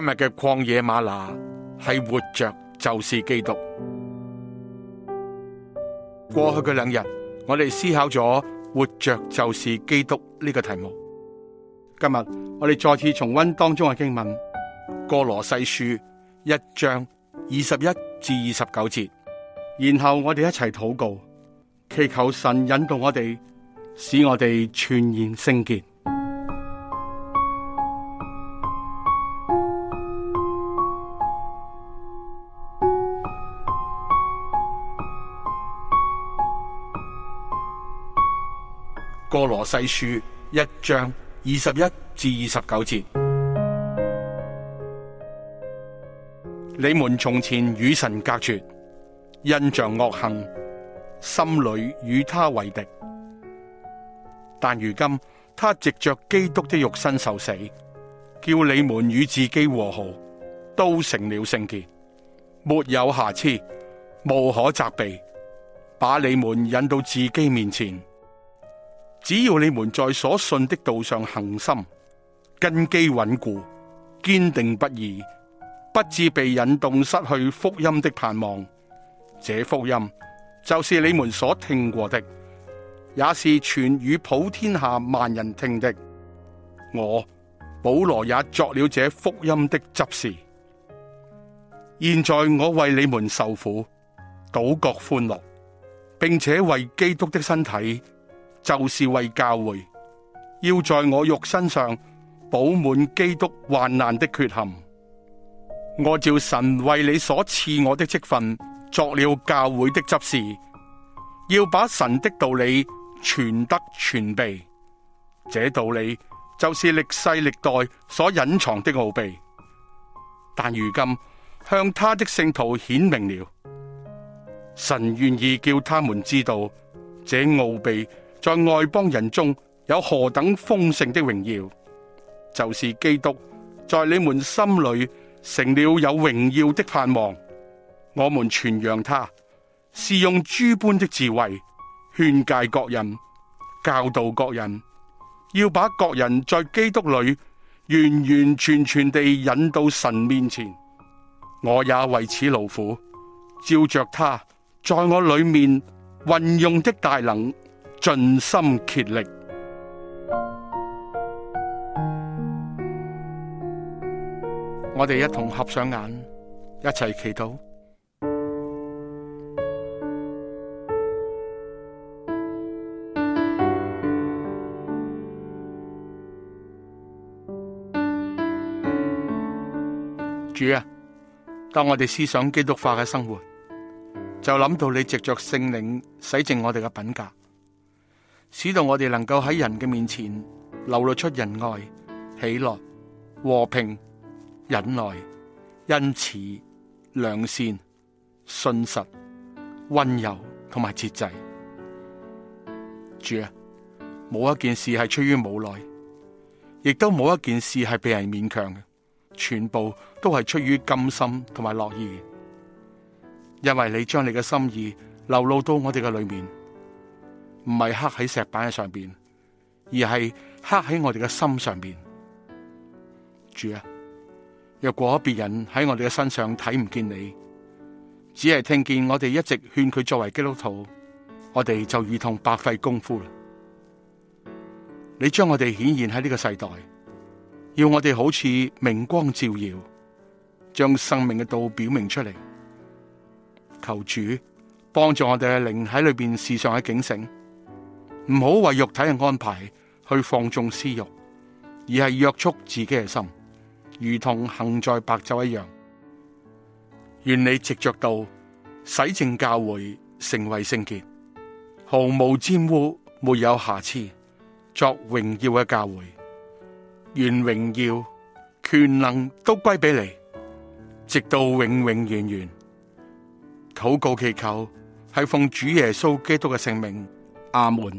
今日嘅曠野嗎哪係活着就是基督。過去嘅兩日，我哋思考咗活着就是基督呢個題目。今日我哋再次重溫當中嘅經文《歌羅西書》一章二十一至二十九節，然後我哋一齊禱告，祈求神引導我哋，使我哋全然聖潔。歌羅西書一章二十一至二十九節：你們從前與神隔絕，因著惡行，心裏與他為敵；但如今他藉着基督的肉身受死，叫你們與自己和好，都成了聖潔，沒有瑕疵，無可責備，把你們引到自己面前。只要你們在所信的道上恒心，根基穩固，堅定不移，不至被引動失去福音的盼望。這福音就是你們所聽過的，也是傳與普天下萬人聽的。我保羅也作了這福音的執事。現在我為你們受苦，倒覺歡樂，並且為基督的身體。就是為教會，要在我肉身上補滿基督患難的缺陷。我照神為你所賜我的職分，作了教會的執事，要把神的道理傳得全備。這道理就是歷世歷代所隱藏的奧秘，但如今向他的聖徒顯明了。神願意叫他們知道這奧秘。在外邦人中有何等豐盛的榮耀？就是基督在你們心裏成了有榮耀的盼望。我們傳揚他是用諸般的智慧勸誡各人、教導各人，要把各人在基督裏完完全全地引到神面前。我也為此勞苦，照着他在我裏面運用的大能。盡心竭力，我哋一同合上眼，一齊祈禱。主啊，當我哋思想基督化嘅生活，就諗到你藉着聖靈洗淨我哋嘅品格。使到我哋能夠喺人嘅面前流露出仁愛、喜樂、和平、忍耐、恩慈、良善、信實、溫柔同埋節制。主啊，冇一件事係出於無奈，亦都冇一件事係被人勉強嘅，全部都係出於甘心同埋樂意，因為你將你嘅心意流露到我哋嘅裏面。唔係刻喺石板嘅上邊，而係刻喺我哋嘅心上邊。主啊，若果別人喺我哋嘅身上睇唔見你，只係聽見我哋一直勸佢作為基督徒，我哋就如同白費功夫啦。你將我哋顯現喺呢個世代，要我哋好似明光照耀，將生命嘅道表明出嚟。求主幫助我哋嘅靈喺裏邊事上嘅警醒。唔好為肉體嘅安排去放縱私欲，而係約束自己嘅心，如同行在白晝一樣。願你直着到洗淨教會成為聖潔，毫無玷污，沒有瑕疵，作榮耀嘅教會。願榮耀、權能都歸俾你，直到永永遠遠。禱告祈求，係奉主耶穌基督嘅聖名，阿門。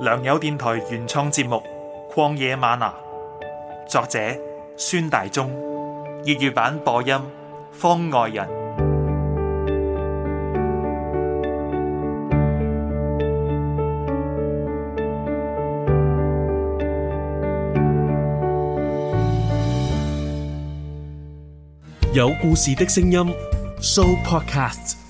良友電台原創節目《曠野嗎哪》，作者孫大中，粵語版播音方外人，有故事的聲音，Show Podcast。